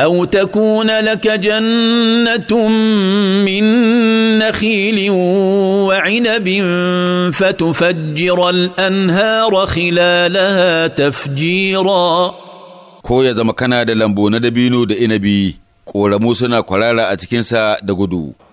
أو تكون لك جنة من نخيل وعنب فتفجر الأنهار خلالها تفجيرا كويا دمكنا دلمبو ندبينو دينبي كورا موسنا كورالا أتكنسا دغدو